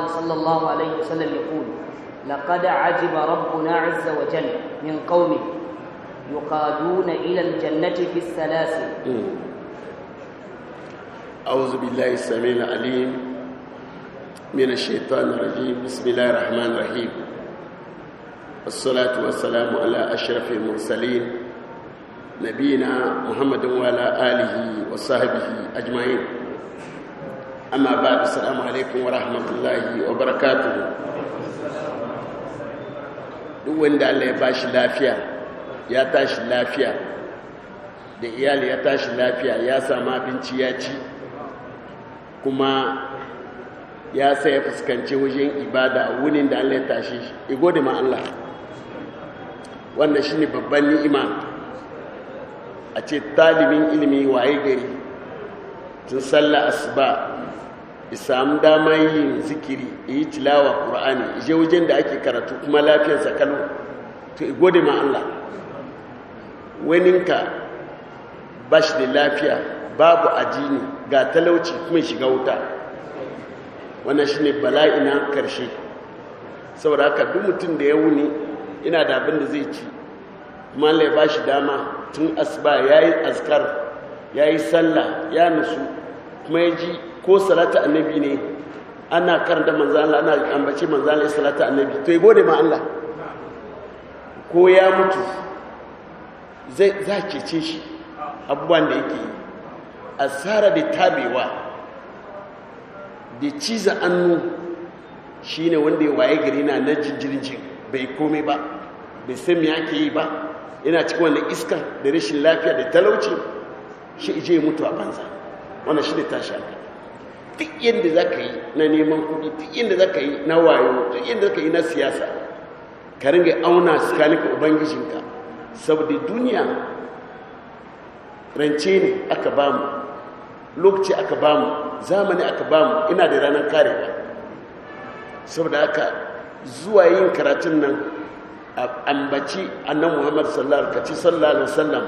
الله صلى الله عليه وسلم يقول لقد عجب ربنا عز وجل من قومه يقادون إلى الجنة في السلاسل أعوذ بالله السميع العليم من الشيطان الرجيم بسم الله الرحمن الرحيم الصلاة والسلام على أشرف المرسلين نبينا محمد وعلى آله وصحبه أجمعين amma ba da salamu alaikum wa rahmatullahi wa barakatuhu duk wanda allah ya bashi lafiya ya tashi lafiya da iyali ya tashi lafiya ya samu abinci ya ci kuma ya sai ya fuskanci wajen ibada wunin da allah ya tashi shi igode ma allah wannan shine babban ni'ima a ce talibin ilimi waye gari tun sallah asuba samu damar yin zikiri yi tilawa ƙura'ani je wajen da ake karatu kuma lafiyarsa kalo to gode ma Allah waninka ba shi da lafiya babu ajini ga talauci kuma shiga wuta wannan shi ne bala'i na ƙarshe saboda haka duk mutum da ya wuni ina da abin da zai ci kuma Allah ya ba shi dama tun asuba ya yi azkar ya yi sallah ya nusu kuma ya ji ko salata annabi ne ana karanta manzan Allah ana ambaci manzan Allah salata annabi to ya gode ma Allah ko ya mutu zai zake ce shi abubuwan da yake yi asara da tabewa da ciza annu shine wanda ya waye gari na na jinjirjin bai komai ba bai san me yake yi ba yana cikin wannan iska da rashin lafiya da talauci shi ije mutu a banza wannan shi ne tashi duk yadda za ka yi na neman kudi duk yadda za ka yi na wayo duk yadda za ka yi na siyasa ka ringa auna tsakaninka ubangijinka saboda duniya rance ne aka bamu lokaci aka bamu zamani aka bamu ina da ranar karewa saboda haka zuwa yin karatun nan ambaci annan muhammad sallallahu ka ci sallallahu alaihi wasallam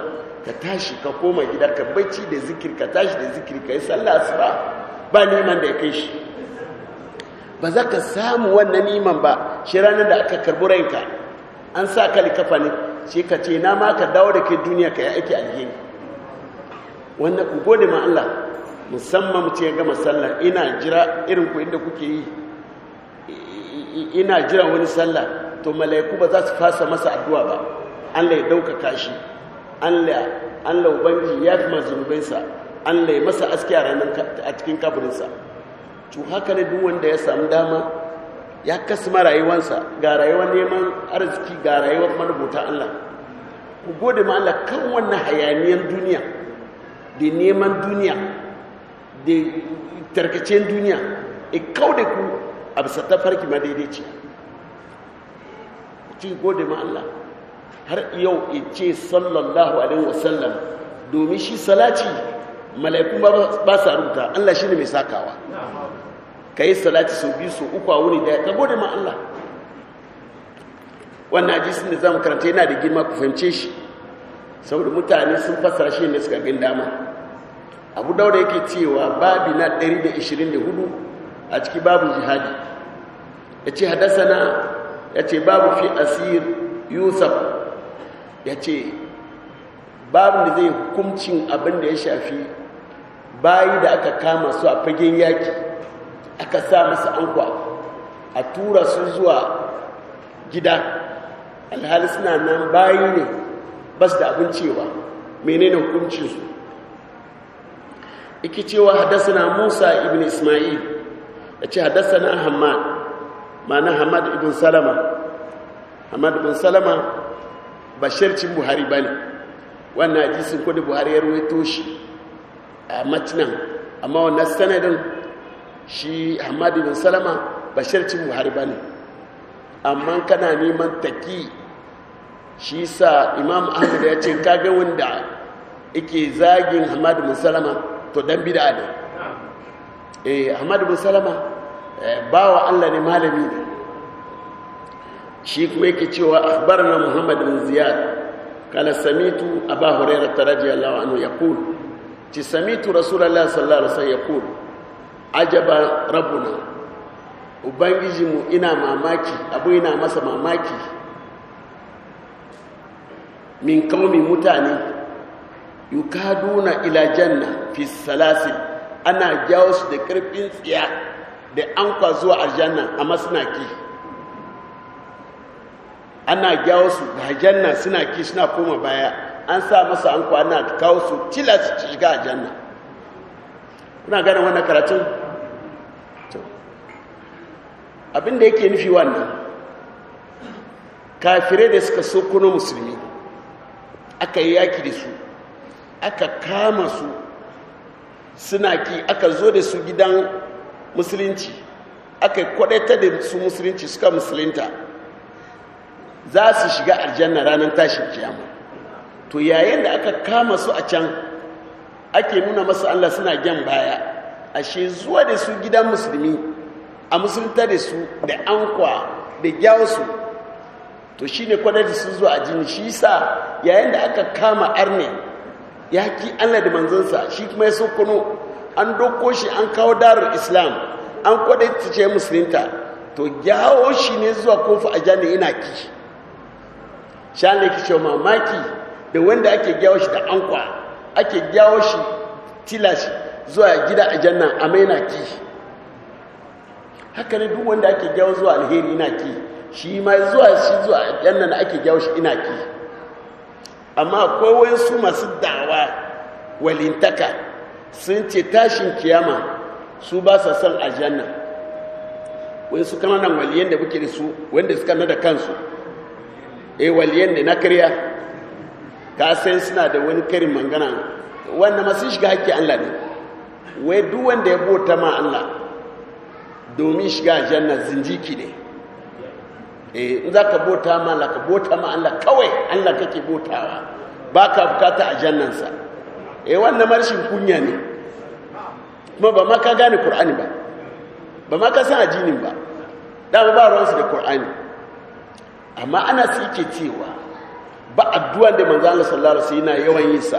ka tashi ka koma gida ka bacci da zikir ka tashi da zikir ka yi sallah asuba ba neman da ya kai shi ba za ka samu wannan neman ba shi ranar da aka karbi ranka an sa ka kafa ne shi ka ce na ma ka dawo da kai duniya ka yi aiki alheri wannan ku gode ma Allah musamman ce gama sallah ina jira irin ku inda kuke yi ina jira wani sallah to Malayaku ba za su fasa masa addu'a ba Allah ya daukaka shi Allah Allah ubangiji ya fi mazunubansa an lai masa aski a ranar a cikin kaburinsa to haka ne duk wanda ya samu dama ya kasma rayuwansa ga rayuwar neman arziki ga rayuwar marubuta Allah ku gode ma Allah kan wannan hayaniyar duniya da neman duniya da tarkacen duniya e kau da ku a bisa tafarki ma daidaici ci gode ma Allah har yau e ce sallallahu alaihi wasallam domin shi salaci malaikun ba sa rubuta Allah shine mai sakawa ka yi salati sau biyu sau uku a wuri daya ka gode ma Allah wannan hadisin da zamu karanta yana da girma ku fahimce shi saboda mutane sun fassara shi ne suka gin dama abu daura yake cewa babu na 124 a ciki babu jihadi ya ce hadasana ya ce babu fi asir yusuf ya ce babu da zai hukuncin abin da ya shafi bayi da aka kama su a fagen yaki aka sa musu ankwa a tura su zuwa gida alhali suna nan bayi ne ba su da abin cewa menene su? iki cewa haddasa musa ibn ismail ya ce haddasa na hamad ma'ana hamad ibn salama hamad ibn salama bashircin buhari ba ne wannan ajisun kudi buhari ya ruwaito shi a matinan amma wannan sanadin shi hamadu bin salama bashircin buhari ba ne amma kana neman taki shi sa imam ahmad ya ce kage wanda ike zagin hamadu bin salama to dan da adam eh hamadu bin salama eh, bawa allah ne malami ne shi kuma yake cewa akhbarna muhammad bin ziyad kala samitu abu hurairah radiyallahu ya yaqul ci samitu rasulallah sallallahu alaihi wasallam yaqul ajaba rabbuna ubangiji mu ina mamaki abu ina masa mamaki min kaumi mutane yukaduna ila janna fi salasil ana jawo su da karfin tsiya da an kwa zuwa aljanna a masnaki ana jawo su da janna suna ki suna koma baya an sa masa an kwana kawo su tila su shiga a janna kuna ganin wannan karatun abinda yake nufi wannan kafirai da suka sokuno musulmi aka yi yaki da su aka kama su suna ki aka zo da su gidan musulunci aka kwadaita da su musulunci suka musulunta za su shiga aljanna ranar tashin kiyama to yayin da aka kama su a can ake nuna masu allah suna gyan baya ashe zuwa da su gidan musulmi a musulta da su da ankwa da su, to shi ne kwadar su zuwa a jini shi sa yayin da aka kama arne ya ki allah da manzansa shi kuma ya sokono an doko shi an kawo darar islam an kwadaita ce musulunta to gyawo shi ne zuwa kofa a jani ina ki shan da ki ce mamaki da wanda ake gyawo shi da ankwa ake gyawo shi tilashi zuwa gida a janna amma yana ki haka ne duk wanda ake gyawo zuwa alheri yana ki shi ma zuwa shi zuwa janna na ake gyawo shi ina ki amma akwai wayansu masu dawa walintaka sun ce tashin kiyama su ba sa a aljanna wani su kananan waliyan da muke da su wanda suka nada kansu eh waliyan da na karya ka san suna da wani karin mangana wanda masu shiga haƙƙi Allah ne wai duk wanda ya bota ma Allah domin shiga janna zinjiki ne eh in za ka bota ma Allah ka bota ma Allah kawai Allah kake botawa ba ka bukata a jannansa eh wannan marshin kunya ne kuma ba ma ka gane Qur'ani ba ba ma ka san ajinin ba da ba ruwansu da Qur'ani amma ana su yake cewa ba addu'a da manzo Allah sallallahu alaihi wasallam yana yawan yin sa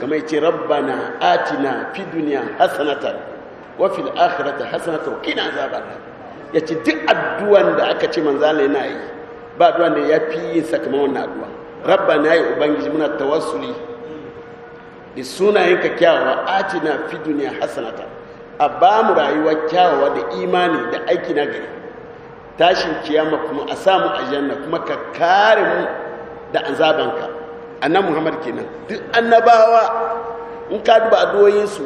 kamar yace rabbana atina fi dunya hasanatan wa fil akhirati hasanatan wa qina azaban yace duk addu'an da aka ce manzo Allah yana yi ba addu'a da yafi yin sa kamar wannan addu'a rabbana ya ubangiji muna tawassuli da sunayenka kyawawa atina fi dunya hasanatan a ba mu rayuwa kyawawa da imani da aiki na gari tashin kiyama kuma a samu ajanna kuma ka kare mu da azabanka annan muhammad kenan duk annabawa in ka duba su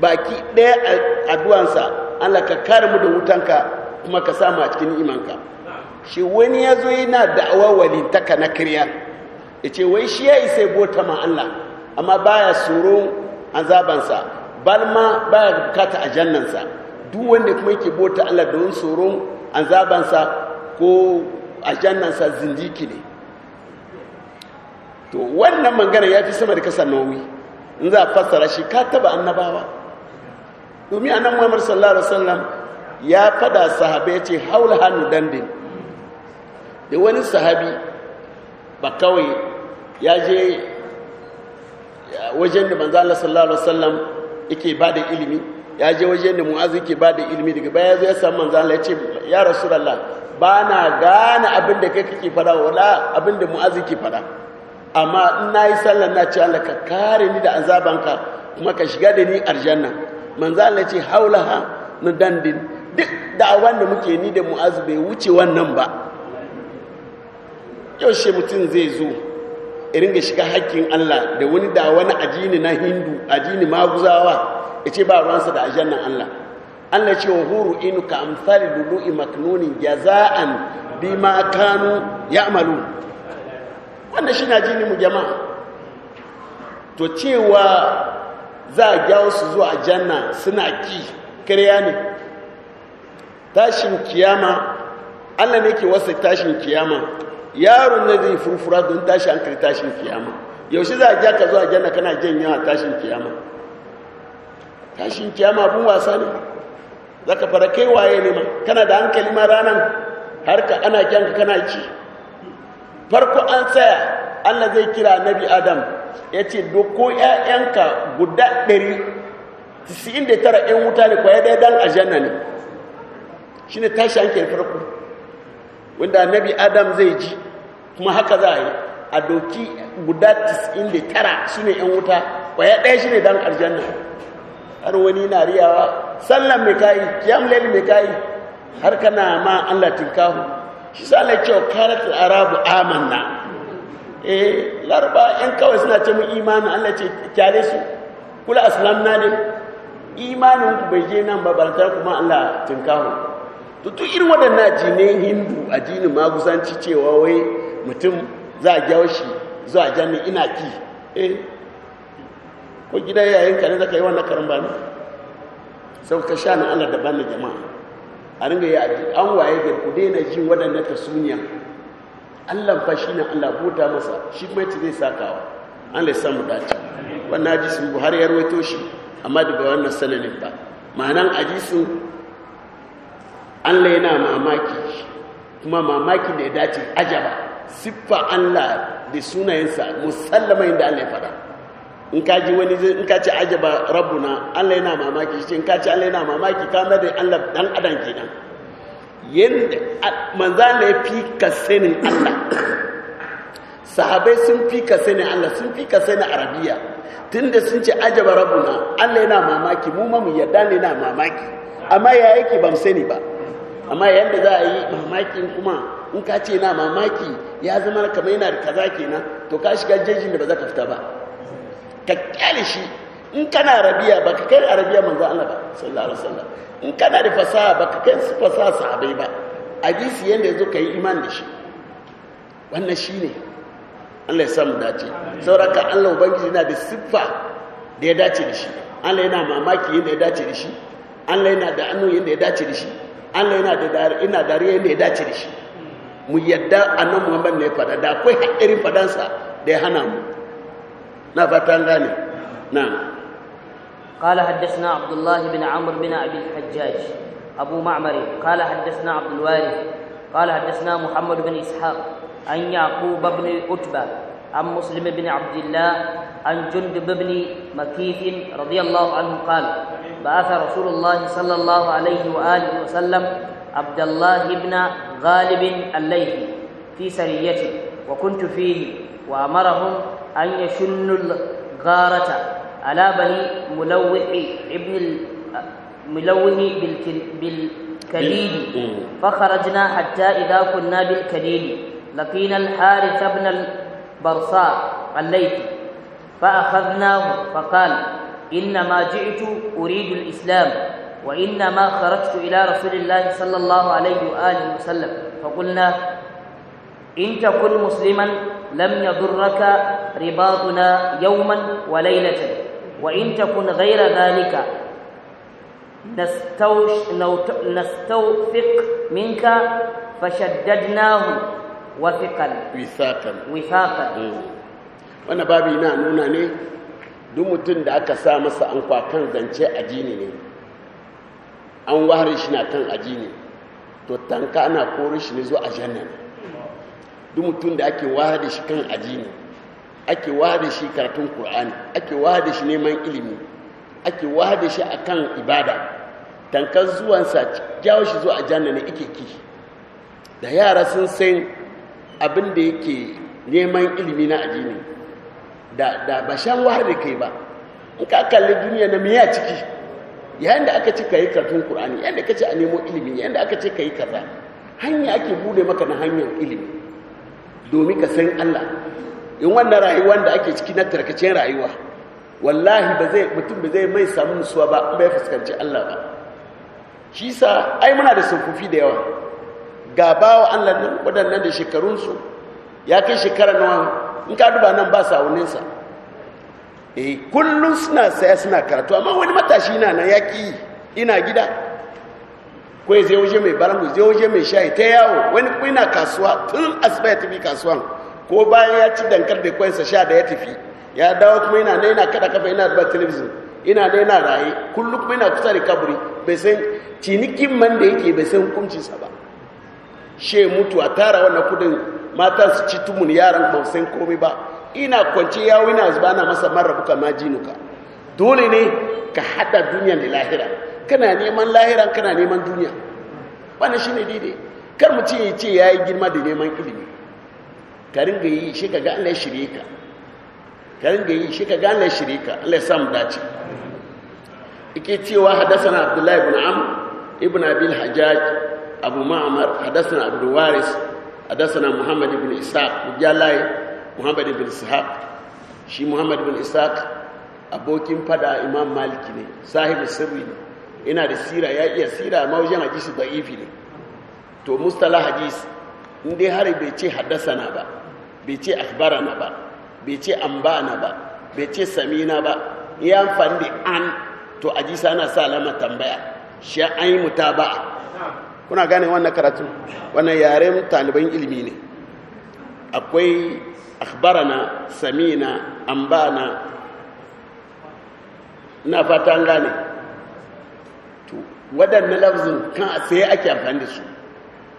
baki ɗaya addu'ansa allah ka kare mu da wutanka kuma ka samu a cikin imanka shi wani ya zo yana da'awa walintaka na kariya ya ce wai shi ya isa bota ma allah amma baya tsoron azabansa balma baya bukata a jannansa duk wanda kuma yake bota allah don tsoron azabansa ko a zindiki ne to wannan mangana ya fi sama da kasa nauyi in za a fassara shi ka taba annabawa domin annan muhammadu sallallahu alaihi wasallam ya fada sahabai ya ce haula hannu dandin da wani sahabi ba kawai ya je wajen da manzo Allah sallallahu alaihi wasallam yake ba da ilimi ya je wajen da mu'azi yake ba da ilimi daga baya zai samu manzo Allah ya ce ya rasulullah ba na gane abin da kai kake fada wala abin da mu'azi yake fada amma in na yi sallah na ce Allah ka kare ni da azabanka kuma ka shiga da ni arjanna manzo Allah ce haulaha na dandin duk da'awan da muke ni da mu'azu bai wuce wannan ba yau shi mutum zai zo irin ga shiga hakkin Allah da wani da wani ajini na hindu ajini maguzawa ya ce ba ruwansa da ajannan Allah Allah ce wa huru inu ka amsari maknunin jaza'an bima kanu ya'malu wanda shi na ni mu jama'a to cewa za a gyawo su zuwa janna suna ki kariya ne tashin kiyama allah ne ke wasa tashin kiyama yaron ne zai furfura don tashi hankali tashin kiyama yaushe za a gya ka zuwa janna kana jan yawa tashin kiyama tashin kiyama abin wasa ne za ka fara kai waye ne ma kana da hankali ma ranar har ka ana kyanka kana ci farko an tsaya allah zai kira nabi adam ya ce doko 'ya'yanka guda 199 'yan wuta ne kwaya daya dan ajanna ne shi ne tashi hankali farko wanda nabi adam zai ji kuma haka za a yi a doki guda 99 su ne 'yan wuta kwaya daya shi ne dan ajanna har wani na riyawa sallan mai kayi kiyam lail mai kayi har kana ma allah tinkahu shi sala cewa karatul arabu amanna eh larba yan kawai suna ce mu imanin Allah ce kyale su kula na ne imanin ku bai je nan ba barantar kuma Allah tun kawo duk irin waɗannan jinin hindu addinin magusanci cewa wai mutum za a jawo shi zuwa jami ina ki eh ko gida yayin ka ne zaka yi wannan karin ba ne sau ka sha na Allah daban na jama'a a ringa ya an waye da ku daina jin waɗannan tasuniya Allah fa na Allah bota masa shi kuma yace zai sakawa an lai samu dace wannan hadisi Buhari ya rawaito shi amma daga wannan sanadin ba ma'anan an lai yana mamaki kuma mamaki da ya dace ajaba siffa Allah da sunayensa musallama inda Allah ya faɗa in ka ji wani in ka ci ajaba rabbuna Allah yana mamaki shi in ka ci Allah yana mamaki ka madai Allah dan adam nan yanda manza ne fi ka Allah sahabai sun fi ka Allah sun fi ka sanin arabiya tunda sun ce ajaba rabbuna Allah yana mamaki mu ma mu yarda ne na mamaki amma ya yake ban sani ba amma yanda za a yi mamakin kuma in ka ce na mamaki ya zama kamar yana da kaza kenan to ka shiga jejin da ba za ka fita ba ka kyale shi in kana arabiya ba ka kai arabiya manzo Allah ba sallallahu alaihi wasallam in kana da fasaha ba ka kai fasaha sahabbai ba hadisi yanda yazo kai iman da shi wannan shine Allah ya samu dace sauraka Allah ubangiji yana da siffa da ya dace da shi Allah yana mamaki yanda ya dace da shi Allah yana da annu yanda ya dace da shi Allah yana da dare ina dare yanda ya dace da shi mu yadda annabi Muhammad ne fada da akwai hakirin fadansa da ya hana mu na fatan gane na قال حدثنا عبد الله بن عمرو بن ابي الحجاج ابو معمر قال حدثنا عبد الوارث قال حدثنا محمد بن اسحاق عن يعقوب بن عتبه عن مسلم بن عبد الله عن جندب بن مكيف رضي الله عنه قال بعث رسول الله صلى الله عليه واله وسلم عبد الله بن غالب الليثي في سريته وكنت فيه وامرهم an ya shunnul gharata ala bani mulawwi ibn mulawwi bil bil kadid fa kharajna hatta idha kunna bil kadid laqina barsa qallayt fa akhadnahu fa qala inna ma ji'tu uridu islam wa inna ma kharajtu ila rasulillah sallallahu alayhi wa alihi wa sallam fa qulna musliman لم يضرك رباطنا يوما وليلة وإن تكن غير ذلك نستوش نستوثق منك فشددناه وثقا وثاقا وثاقا وانا بابي نا نونا ne duk mutum da aka sa masa an kan zance jini ne an wahar shi na kan jini, to tanka ana kori shi ne zuwa ajanna duk mutum da ake da shi kan ajini ake da shi karatun qur'ani ake da shi neman ilimi ake da shi kan ibada tankar zuwansa jawo shi zuwa janna ne ike ki da yara sun san abin da yake neman ilimi na ajini da da ba shan wahar da kai ba in ka kalli duniya na miya ciki yayin da aka ce ka yi karatun qur'ani yayin da ka ce a nemo ilimi yayin da aka ce ka yi kaza hanya ake bude maka na hanyar ilimi domin ka san Allah in wannan rayuwar da ake ciki na tarkacen rayuwa wallahi ba zai mutum ba zai mai samu nutsuwa ba in bai fuskanci Allah ba shi sa ai muna da sufufi da yawa ga bawo Allah nan waɗannan da shekarunsu ya kai shekara nawa in ka duba nan ba sa. eh kullum suna saya suna karatu amma wani matashi na na yaƙi ina gida kwai zai waje mai barangu zai waje mai shayi ta yawo wani kwai na kasuwa tun asibai ya tafi kasuwan ko bayan ya ci dankar da kwansa sha da ya tafi ya dawo kuma yana ne yana kada kafa yana ba telebijin ina ne yana raye kullum kuma yana kusa da kaburi bai san cinikin man da yake bai san hukuncinsa ba she mutu a tara wannan kudin mata su ci tumun yaran ba san komai ba ina kwance yawo ina zuba na masa mara buka majinuka dole ne ka hada duniya da lahira kana neman lahiran kana neman duniya shi ne daidai kar mutum ya ce ya yi girma da neman ilimi karin ga yi shi ka ga Allah shirye ka karin ga yi shi ka ga Allah shirye ka allai samu dace ike cewa hadasa na Abdullahi ibn am ibn Abil Hajjaj Abu ma'amar hadasa na abu Waris hadasa hadathana Muhammad ibn Ishaq Jalai Muhammad ibn Ishaq shi Muhammad ibn isaac abokin fada Imam maliki ne sahibin sirri ne ina da sira ya iya sira amma wajen hadisi da'ifi ne to mustala hadisi inda ya hari bai ce na ba bai ce na ba bai ce na ba bai ce samina ba ya amfani da an to hadisa ana sa alama tambaya shi an yi mutaba'a kuna gane wannan karatu wannan yaren taliban ilimi ne akwai akhbarana samina sami na fata an gane waɗanda lafzin kan sai ake amfani da su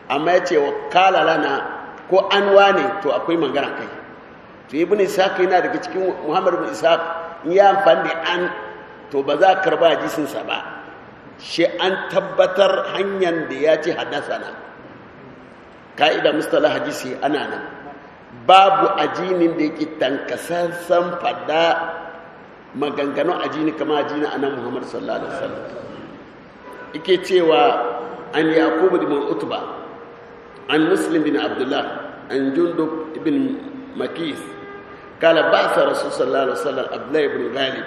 amma ya ce wa kala lana ko an wane to akwai magana kai to isa ishaq yana daga cikin muhammadu bin ishaq in ya amfani da an to ba za karba a jisinsa ba shi an tabbatar hanyar da ya ce na ka'ida mustala hadisi ana nan babu ajinin da yake tankasassan fada maganganun ajini kama ajini anan muhammad sallallahu alaihi wasallam yake cewa an yaqub ibn utba an muslim bin abdullah an jundub ibn makis kala ba sa rasul sallallahu alaihi wasallam abdullah ibn ghalib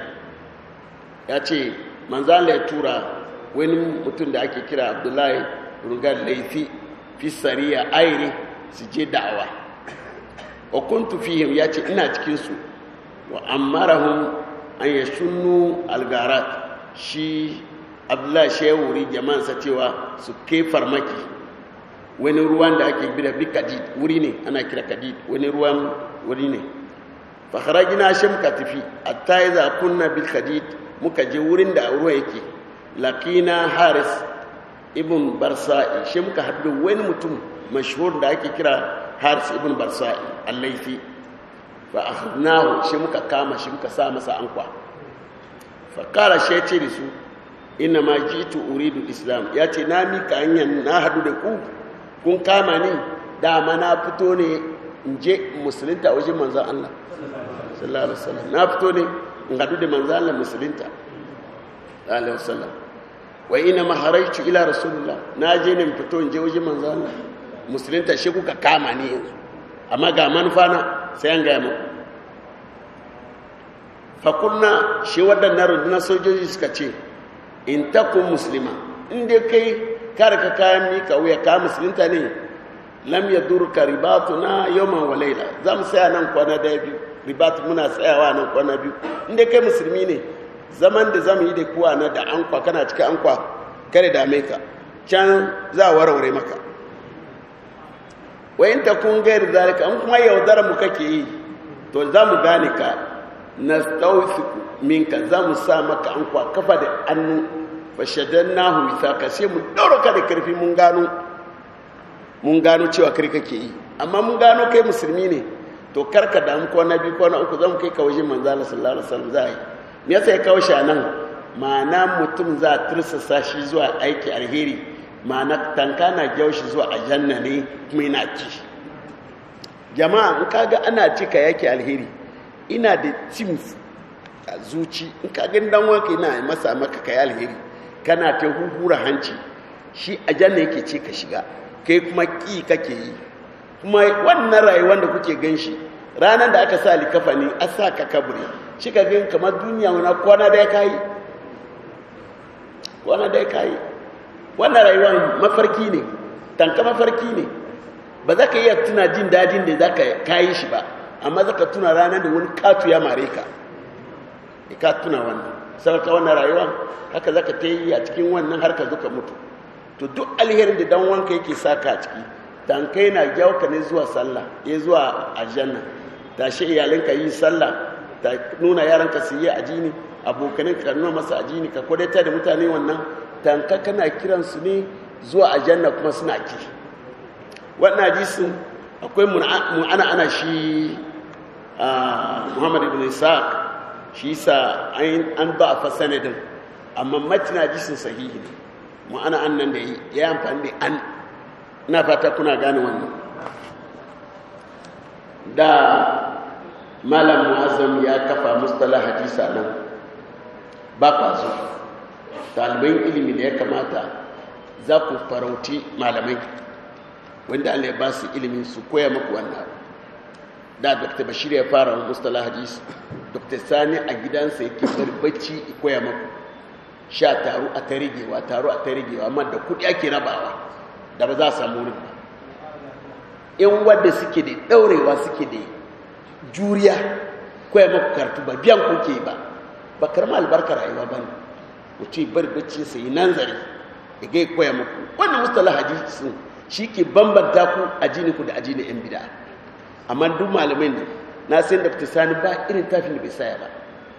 ya ce manzan ya tura wani mutum da ake kira abdullahi ibn rugar laifi fi sariya aire su je da'awa wa kuntu fihim ya ce ina cikinsu wa ammarahum an yashunnu algarat shi abdullahi shewuri jama'ansa cewa su ke farmaki wani ruwan da ake da bi kadid wuri ne ana kira kadid wani ruwan wuri ne fakharajina shi muka tafi ta yi za kunna bil kadid muka je wurin da ruwa yake laqina haris ibn barsa'i shi muka haɗu wani mutum mashhur da ake kira haris ibn barsa'i allaiti fa akhadnahu shi muka kama shi muka sa masa ankwa fa qala shi ya ce da su ina ma jitu uridu islam ya ce na mika hanyar na hadu da ku kun kama ni dama na fito ne in je a wajen manzan Allah na fito ne in hadu da manzan Allah musulinta. alaihi wasallam wa ina ma haraitu ila rasulullah na je ne fito in je wajen manzan Allah musulinta shi kuka kama ni yanzu amma ga manufa na sai an gaya muku fakunna shi waɗannan rundunar sojoji suka ce in takun musulma in dai kai karka kayan mika wuya ka musulunta ne lam ya durka ribatu na yawman walaila za mu saya nan kwana daya biyu ribatu muna tsayawa nan kwana biyu in kai musulmi ne zaman da zamu yi da kuwa na da ankwa kana cika ankwa kare mai ka can za a warware maka wayan ta kun gairi zalika an kuma yaudara mu kake yi to za mu gane ka na min minka za mu sa maka an kwa kafa da annu fashadan na hulita ka ce mu ɗaura ka da ƙarfi mun gano mun gano cewa kai kake yi amma mun gano kai musulmi ne to karka damu kwana biyu kwana uku za mu kai ka wajen manzan sallallahu alaihi za a yi me yasa ya kawo shi a nan ma'ana mutum za a tursasa shi zuwa aiki alheri ma'ana tanka na shi zuwa janna ne kuma yana ci jama'a in kaga ana cika yake alheri ina da teams a zuci in ka gani dan wanka yana masa maka kai alheri kana ta huhura hanci shi ajanna yake ce ka shiga kai kuma ki kake yi kuma wannan rayuwar da kuke ganshi shi ranar da aka sa likafa ne a sa ka kaburi shi ka gani kamar duniya wani kwana da ya kayi kwana da ya kayi wannan rayuwar mafarki ne tanka mafarki ne ba za ka iya tuna jin dadin da za ka kayi shi ba amma za ka tuna ranar da wani katu ya mare ka da e, ka tuna wannan sarauta wannan rayuwa haka za ka ta yi a cikin wannan har ka zuka mutu to duk alherin da dan wanka yake saka a ciki kai na jawo ka ne zuwa sallah ya eh, zuwa aljanna tashi iyalinka yi sallah ta nuna yaranka su yi ajini abokanin ka nuna masa ajini ka kwadaita da mutane wannan tanka kana kiransu ne zuwa aljanna kuma suna ki wannan hadisin akwai mu'ana ana shi muhammad ibn isaac shi sa an ba a fasanadin amma matina jisun sahihi ne ma'ana an nan da yi ya amfani da an na fata kuna gane wannan da malam mu'azzam ya kafa mustala hadisa nan ba kwazo talibin ilimi da ya kamata za ku farauti malamai wanda allah ya ba su ilimin su koya maku wannan da dr bashir ya fara wa mustala hadis dr sani a gidansa yake barbaci ikoya maku sha taru a tarigewa taru a tarigewa amma da kudi ake rabawa da ba za a samu wurin ba in wadda suke da daurewa suke da juriya koya maku kartu ba biyan kuke ba ba karma albarkar rayuwa ba ne mutum barbaci sai nan zare ya gai koya maku wannan mustala sun shi ke bambanta ku ajini ku da ajini yan bida'a amma duk malamai ne na sai da fita sani ba irin tafin da bai saya ba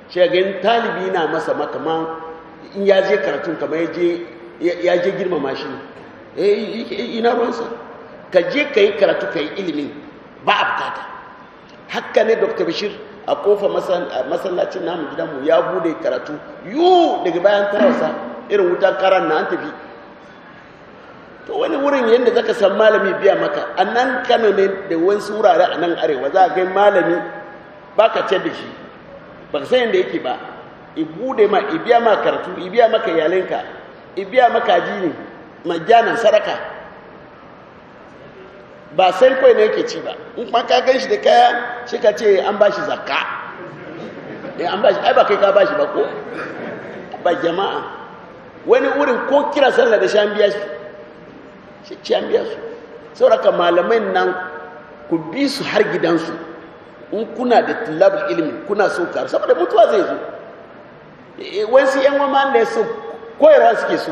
shi ga yin talibi na masa makaman in ya je karatun kamar ya je girmama shi eh, eh ina ruwansa ka je ka yi karatu ka yi ilimin ba a bukata haka ne dr bashir a kofa masallacin namu gidanmu ya bude karatu yu daga bayan tarasa irin wutan karan na an tafi to wani wurin yadda zaka san malami biya maka a nan kano ne da wani wurare a nan arewa za a kai malami ba ka ce da shi ba ka san yadda yake ba i bude ma i biya ma karatu i biya maka yalinka i biya maka jini majanan saraka ba sai kai ne yake ci ba in kuma ka gan shi da kaya shi ka ce an ba shi zakka eh, an ba shi ai ba kai ka ba shi ba ko ba jama'a wani wurin ko kira sallah da shan biya shi shi an biya su sauraka malamai nan ku bi su har gidansu in kuna da tulabul ilimi kuna so karu saboda mutuwa zai zo eh, wasu yan wama da ya so koyarwa suke so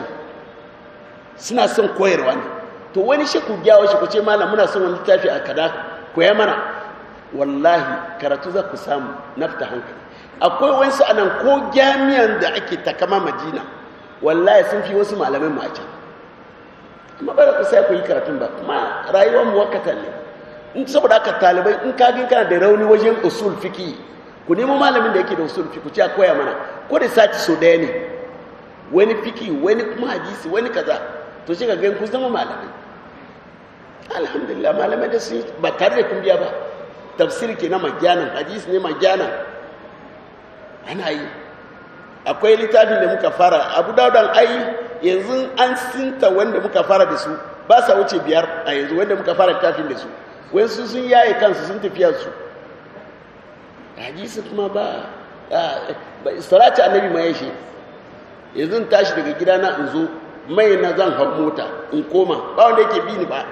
suna son koyarwa ne to wani shi ku gyawa shi ku ce malam muna son wani littafi a kada ku yi mana wallahi karatu za ku samu nafta hankali akwai wasu anan ko jami'an da ake takama madina wallahi sun fi wasu malamai mu a can kuma ba ku sai ku yi karatun ba kuma rayuwar mu wakatan ne in saboda haka talibai in ka gin kana da rauni wajen usul fiki ku nemo malamin da yake da usul fiki ku ce a koya mana ko da sati so daya ne wani fiki wani kuma hadisi wani kaza to shi ka ga ku zama malamai alhamdulillah malamai da su ba tare da kun biya ba tafsir ke na magyanan hadisi ne magyanan ana yi akwai littafin da muka fara abu daudan ai yanzu an sinta wanda muka fara da su ba sa wuce biyar a yanzu wanda muka fara tafin da su Wani sun yaye kansu sun tafiya su hadisi kuma ba a sarati annabi ma yashe yanzu tashi daga gida na in zo mai na zan hau mota in koma ba wanda yake bi ni ba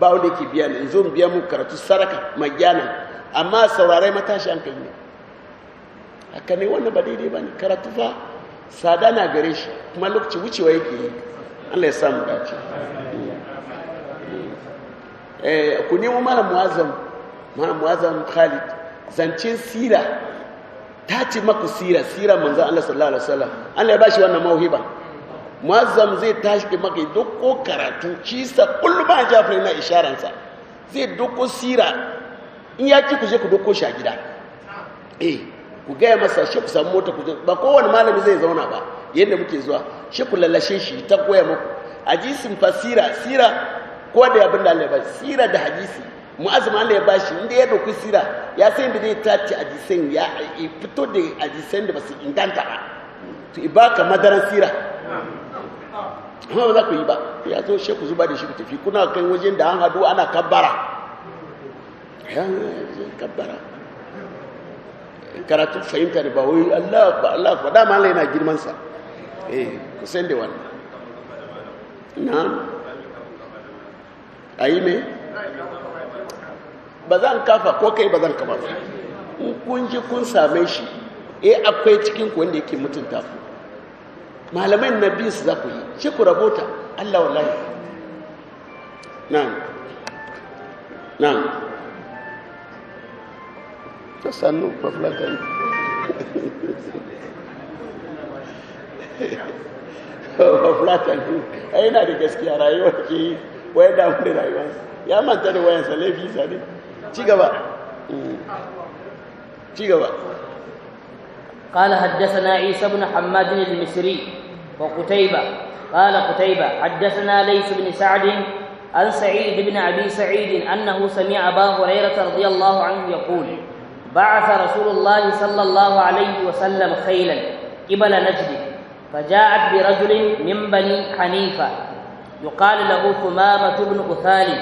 ba wanda yake biya ni in zo biya mu karatu saraka magyana amma saurare matashi an kai ne haka ne wannan ba daidai ba ne karatu fa sada na gare shi kuma lokaci wucewa yake yi allah ya samu dace eh, ku nemo malam muazzam malam muazzam khalid zancen sira ta ce maku sira sira manzo allah sallallahu alaihi wasallam allah ya bashi wannan mauhiba muazzam zai tashi ki maka dukko karatu shi sa kullum ba jafari na isharansa zai dukko sira in ya ci ku je ku dukko shi a gida eh ku gaya masa shi ku samu mota ku ba kowane malami zai zauna ba yadda muke zuwa shi ku lallashe shi ta koya muku hadisin fa sira sira ko da abin da Allah ya ba sira da hadisi mu'azzim Allah ya bashi inda ya dauki sira ya san da zai tace hadisin ya fito da hadisin da basu inganta ba to ibaka madaran sira amma ba za ku yi ba ya zo shi ku zuba da shi ku tafi kuna kai wajen da an hadu ana kabbara kabbara karatun fahimta da ba wai Allah ba Allah ba dama Allah yana girman sa eh ku san da wannan na'am ayi me ba zan kafa ko kai ba zan kafa ba kun ji kun same shi eh akwai cikin ku wanda yake mutunta ku na nabi su za ku yi shi ku rabota Allah wallahi na'am na'am ta sallu ba fulakan ba fulakan a yana da gaskiya rayuwa ke yi waya damu da rayuwarsa ya manta da wayansa laifi sani ci gaba hmm. gaba قال حدثنا عيسى بن حماد المصري وقتيبة قال قتيبة حدثنا ليث بن سعد عن سعيد بن أبي سعيد أنه سمع أبا هريرة رضي الله عنه يقول بعث رسول الله صلى الله عليه وسلم خيلا قبل نجد فجاءت برجل من بني حنيفة يقال له ثمامة بن أثالي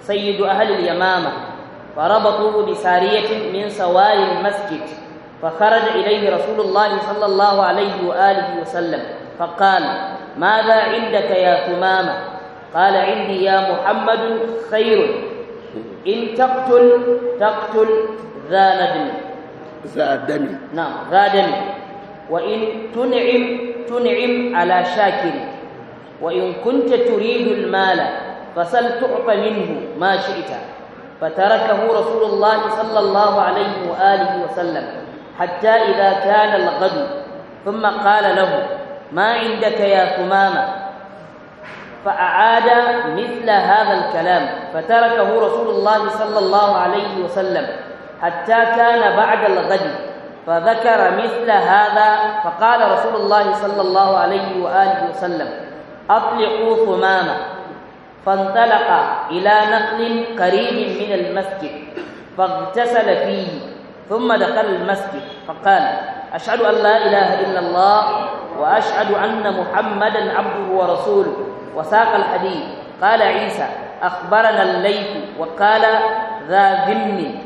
سيد أهل اليمامة فربطوه بسارية من سواري المسجد فخرج إليه رسول الله صلى الله عليه وآله وسلم فقال ماذا عندك يا ثمامة قال عندي يا محمد خير إن تقتل تقتل ذا ندم ذا دم نعم ذا دم وإن تنعم تنعم على شاكر وإن كنت تريد المال فسل تعط منه ما شئت فتركه رسول الله صلى الله عليه وآله وسلم حتى إذا كان الغد ثم قال له ما عندك يا ثمامة فأعاد مثل هذا الكلام فتركه رسول الله صلى الله عليه وسلم حتى كان بعد الغد فذكر مثل هذا فقال رسول الله صلى الله عليه وآله وسلم أطلقوا ثمامة فانطلق إلى نخل قريب من المسجد فاغتسل فيه ثم دخل المسجد فقال أشهد أن لا إله إلا الله وأشهد أن محمدا عبده ورسوله وساق الحديث قال عيسى أخبرنا الليث وقال ذا ذمي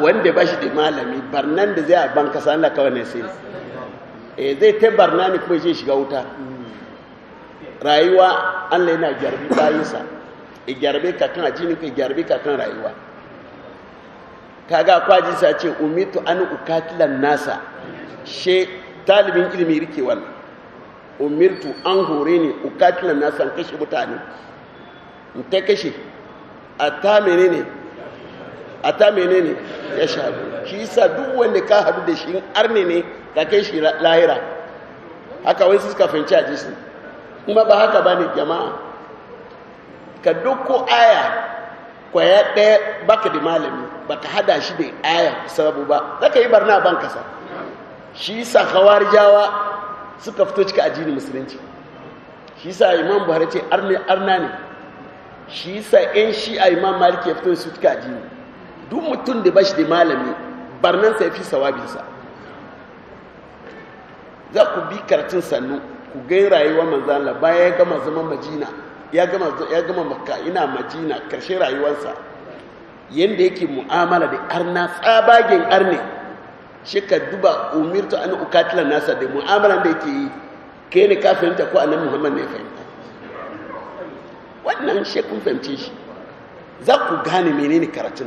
wanda ba shi da malami barnan da zai a ban kasa Allah kawai ne sai eh, zai ta barna ne kuma zai shiga wuta rayuwa Allah yana gyarbi bayinsa i gyarbe ka kan ajini ka gyarbe ka kan rayuwa kaga kwaji sa ce umitu an ukatilan nasa she talibin ilimi rike wannan umirtu an hore ne ukatilan nasa kashe mutane in ta kashe a ta menene ne a ta menene ya shaɗu shi yasa duk wanda ka haɗu da shi arne ne ka kai shi lahira haka wai suka fahimci a jisun kuma ba haka ba ne jama'a ka dukko aya kwaya ɗaya baka da malami ka hada shi da aya sababu ba za ka yi barna ban kasa shi sa kawar jawa suka fito cika ajini musulunci shi sa imam buhari ce arna ne shi sa yan shi a imam malik ya fito su cika ajini duk mutum da bashi da malami barnan sai fi sawabinsa za ku bi karatun sannu ku gai rayuwa manzana bayan ya gama zama majina ya gama makka ina majina karshe rayuwarsa yadda yake mu'amala da arna tsabagen arne shi ka duba umirtu an ukatila nasa da mu'amalan da yake yi kai ne ka fahimta ko annabi muhammad ne fahimta wannan shekun fahimce shi za ku gane menene karatun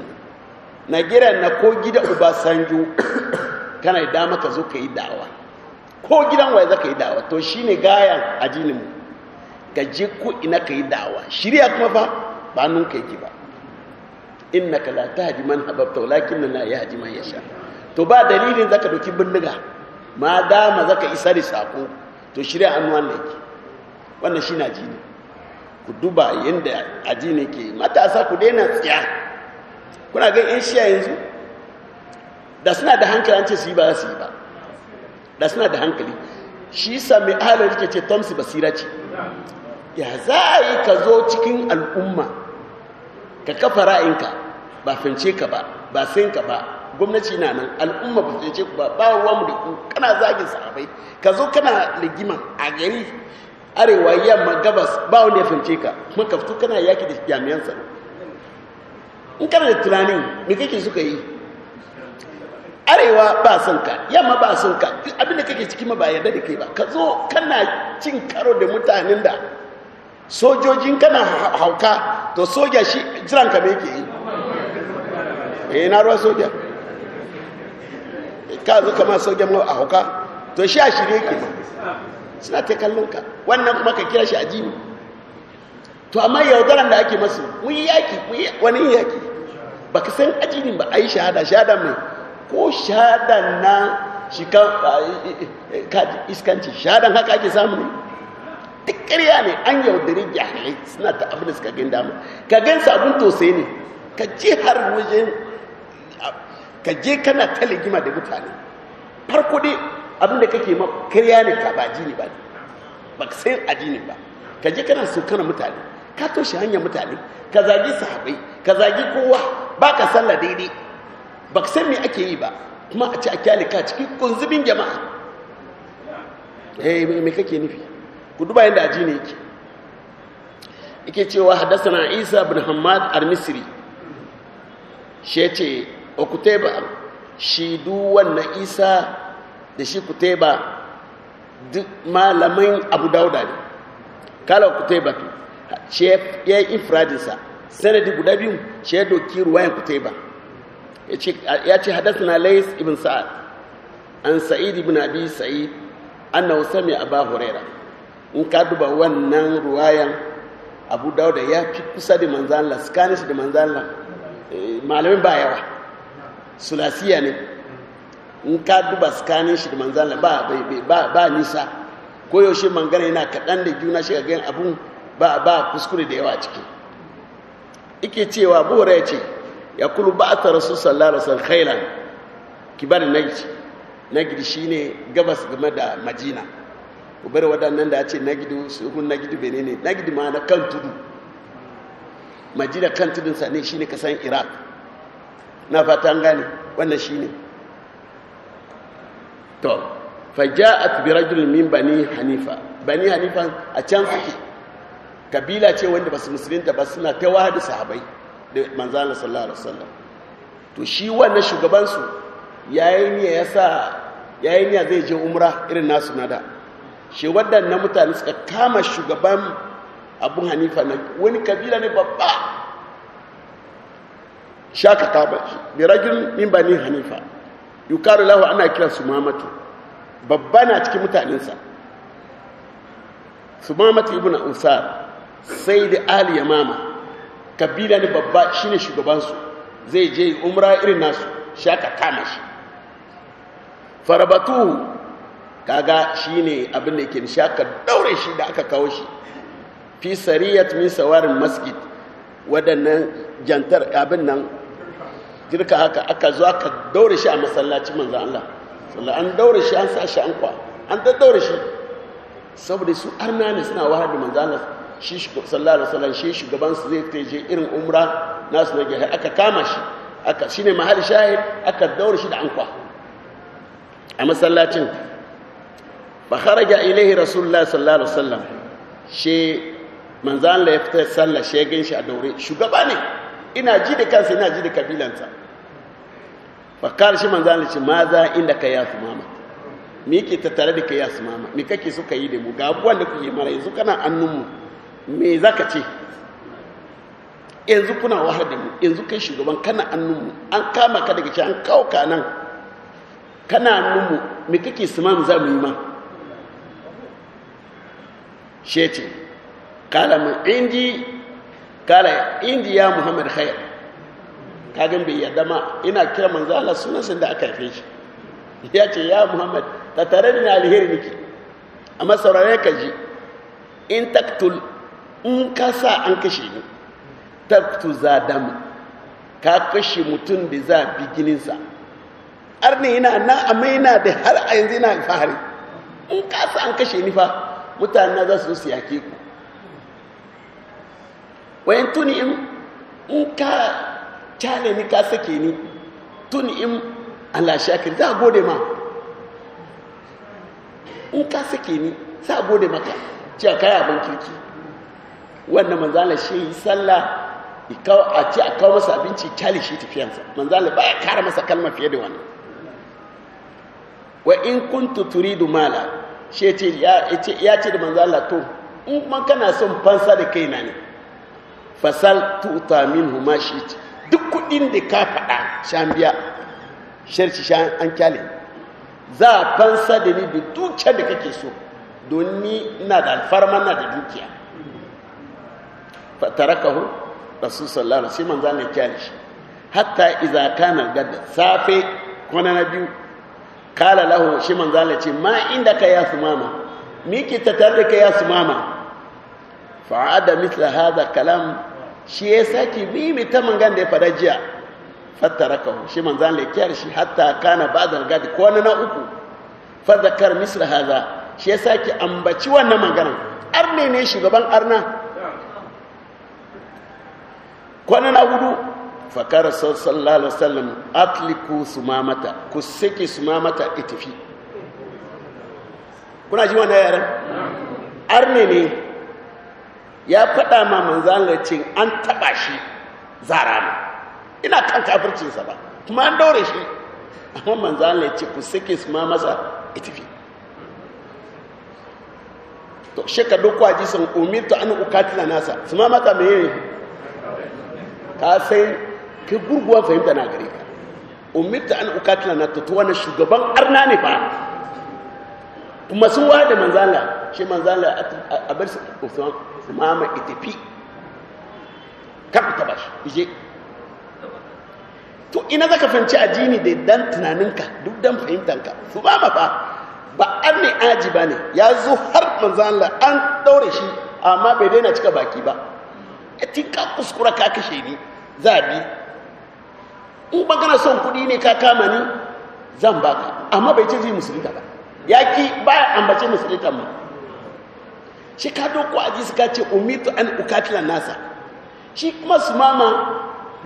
na gira na ko gida uba sanju kana yi dama ka zo ka yi dawa ko gidan waya za ka yi dawa to shi ne gayan ajinin mu ka je ko ina ka yi dawa shirya kuma fa ba nun ka yake ba ina ka la ta haji man hababta walakin na ya haji man yasha to ba dalilin za ka doki bindiga ma dama za ka isa da sako to shirya an wannan yake wannan shi na ajini ku duba yadda ajini ke matasa ku daina tsiya kuna ga yan shiya yanzu da suna da hankali an ce su yi ba su yi ba da suna da hankali shi sami ahalar rike ce tomsi basira ce ya za a yi ka zo cikin al'umma ka kafa ra'inka ba fance ka ba ba sayin ka ba gwamnati na nan al'umma ba fince ku ba ba wa mu da ku kana zagin sahabai ka zo kana ligima a gari arewa yamma gabas ba wanda ya fance ka kuma ka fito kana yaki da jami'an tsaro in kana da tunanin me kake suka yi arewa ba son ka yamma ba son ka abin da kake ciki ma ba yarda da kai ba ka zo kana cin karo da mutanen da sojojin kana hauka to soja shi jiran ka me yake yi eh na ruwa soja ka zo kama soja ma a hauka to shi a shirye ke suna ta kallon ka wannan kuma ka kira shi a jini to amma yaudaran da ake masu mun yi yaki wani yaki ba ka san ajinin ba a yi shahada shahada mai ko shahada na e, iskanci shahada haka ake samu ne duk ƙarya ne an yaudari jahilai suna ta abin da suka gan dama ka gan sabon tosai ne ka je har wajen ka je kana ta da mutane farko dai abin da kake ma ƙarya ne ka ba ne ba ba ka san ajinin ba ka je kana so kana mutane ka toshe hanyar mutane ka zagi sahabai ka zagi kowa ba ka sallah daidai ba ka san me ake yi ba kuma a ci a kyale ka cikin kunzubin jama'a eh me kake nufi ku duba yadda aji ne yake yake cewa hadasana isa bin hamad al-misri shi ya ce o kutaiba shi duwan na isa da shi kutaiba duk malamin abu dauda ne kala kutaiba tu shi ya yi infradinsa sanadi guda biyu shi ya doki ruwayan ba ya ce na lais ibn sa'ad an sa'id ibn abi sa'id wasa sami aba huraira in ka duba wannan ruwayan abu dauda ya fi kusa da manzan Allah skanis da manzan eh, malamin ba yawa sulasiya ne in ka duba skanin shi da manzan ba nisa koyaushe mangana yana kaɗan da juna shi ga abun ba ba kuskure da yawa ciki ike cewa bora ya ce ya kulu ba a tara su sallara san khailan kibar nagidi nagidi shine gabas game da majina ku bar waɗannan da ya ce nagidi su hun nagidi bene ne nagidi ma na kan tudu majina kan tudun sa ne shine kasan iraq na fata an gane wannan shine to faja'at bi rajulin min bani hanifa bani hanifa a can suke kabila ce wanda ba su musulunta ba suna ta wahada sahabai da manzana sallallahu alaihi wasallam to shi wannan shugabansu yayin ya yasa yayin ya zai je umra irin nasu na da shi waɗannan mutane suka kama shugaban abin hanifa na wani kabila ne babba shakata ba biragin min bani hanifa yukaru lahu ana kira su mamatu babba na cikin mutanensa su mamatu na usar sai da ali yamama kabila ne babba shine shugabansu zai je umra irin nasu shaka kama shi farabatu kaga shine abin da yake shaka daure shi da aka kawo shi fi sariyat min sawarin masjid waɗannan jantar abin nan girka haka aka zo aka daure shi a masallacin manzan Allah sallallahu an daure shi an sa shi an kwa an daddaure shi saboda su arna ne suna wahar da manzan Allah shi sallallahu shugaban su zai fita je irin umra nasu na gihar aka kama shi aka shine mahal shahid aka daure shi da ankwa a masallacin fa kharaja ilaihi rasulullahi sallallahu alaihi wasallam shi manzan Allah ya fita sallah shi gan shi a daure shugaba ne ina ji da kansa ina ji da kabilansa fa kar shi manzan Allah ce ma za inda ka yasu mama me yake tattare da ka yasu mama me kake so ka yi da mu ga abubuwan da kuke mara yanzu kana annun mu me za ka ce yanzu kuna wahar da mu yanzu kai shugaban kana annunmu an kama ka daga shi an kawo ka nan kana annunmu mai kake mamu za mu yi ma she ce kala mu indi kala indi ya muhammad khair kagan bai yadda ma ina kira manzo Allah sunan da aka haife shi ya ce ya muhammad ta tare da alheri nake amma saurare ka ji in taktul in ka sa an kashe ni taftu za dama ka kashe mutum da za bi gininsa har ne yana na amma yana da har a yanzu yana fahari in ka sa an kashe ni fa mutane za su yake ku wayan tuni in ka cale ni ka sake ni tuni in allah za a gode ma in ka sake ni za a gode maka cewa kaya abin kirki wannan manzala shi yi sallah a ce a kawo masa abinci cali shi tafiyansa manzala ba ya kara masa kalma fiye da wannan wa in kuntu turidu mala shi ya ce da manzala to in kuma kana son fansa da kaina ne fasal tuta min huma shi ce. duk kudin da ka faɗa shan biya sharci shan an kyale za a fansa da ni da tuce da kake so don ni na da alfarma na da dukiya fatarakahu rasul sallallahu alaihi wasallam sai manzo ne kyale shi hatta idza kana gadda safe kwana na biyu kala lahu shi manzo ne ce ma inda ka ya sumama miki ta da ka ya sumama fa'ada mithla hadha kalam shi ya saki mimi ta mangan da ya fada jiya fatarakahu shi manzo ne kyale shi hatta kana ba'da gadi kwana na uku fa zakar mithla hadha shi ya saki ambaci wannan maganar arne ne shugaban arna kwana na hudu fakara sallallahu alaihi wasallam atliku sumamata ku sike sumamata itifi kuna ji wannan yaran arne ne ya faɗa ma manzan cin an taɓa shi zara ne ina kan kafircinsa ba kuma an daure shi amma manzan ce ku sike sumamata itifi to shekaru kwaji sun umirta an ukatila nasa sumamata mai ka sai ka gurguwa fahimta na gare ka umarta an ukatila na tattuwa na shugaban arna ne ba kuma sun wa da manzala shi manzala a bar su mama itafi kakuta ba shi ije to ina zaka fahimci jini da dan tunaninka duk dan fahimtanka su ba ma ba ba an ne aji ba ne ya zo har manzala an daure shi amma bai daina cika baki ba ya tinka kuskura ka kashe ni za a bi in ba kana son kuɗi ne ka kama ni zan ba ka amma bai ce zai musulunta ba ya ki ba ambace musulunta ma shi ka doko a jisi ka ce umitu an ukatila nasa shi kuma su mama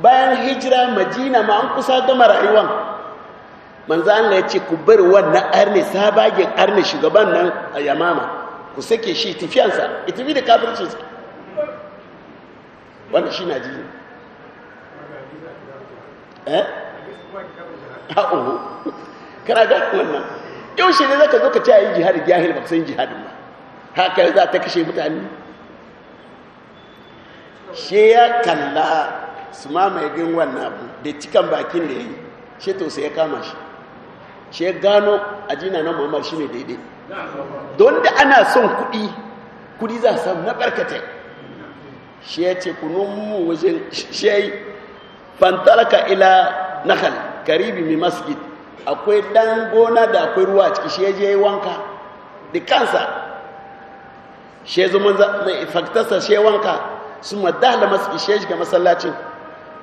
bayan hijira majina ma an kusa gama rayuwan manzo an ya ce ku bar wannan arne sabagen arne shugaban nan a yamama ku sake shi tafiyansa itibi da kafircinsa wannan shi na jini eh ha'o kana ga wannan yau shi ne za ka zo ka ce a yi jihadi jahil ba san jihadin ba haka za ta kashe mutane shi ya kalla su mamaye gin wannan abu da cikan bakin da ya yi shi to sai ya kama shi shi ya gano ajina na muhammad shi ne daidai don da ana son kuɗi kuɗi za a samu na barkatai shi ya ce kunun mu wajen shi fantalaka ila nahal karibi mai masjid akwai dan gona da akwai ruwa a ciki shi ya je wanka da kansa shi ya mai faktasa shi ya wanka sun da masjid shi ya shiga masallacin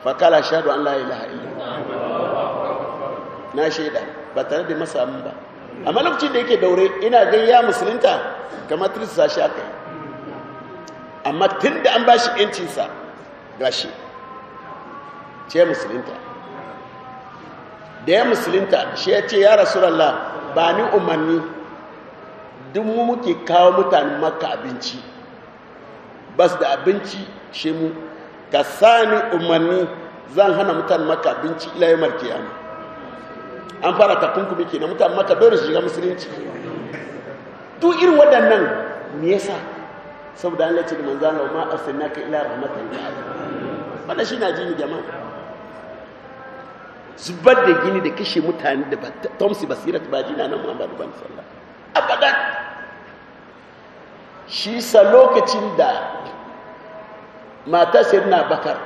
fakala shaɗu an layi la'ayi na shaida ba tare da masa ba amma lokacin da yake daure ina gan ya musulunta kamar tirisa shi aka yi amma tun da an ba shi 'yancinsa gashi ce musulinta da ya musulinta shi ya ce ya rasulallah ba ni umarni duk mu muke kawo mutanen maka abinci bas da abinci shi mu ka sani umarni zan hana mutanen maka abinci ilayen markiyama an fara takunkumi ke na mutanen maka dole shiga musulunci duk irin waɗannan ya sa saboda an lalace da manzana ma arsalnaka ila rahmatan lil alamin shi na ni jama'a zubar da gini da kashe mutane da tomsi basirat ba jina na muhammadu ban sallah abadan shi sa lokacin da mata sirna bakar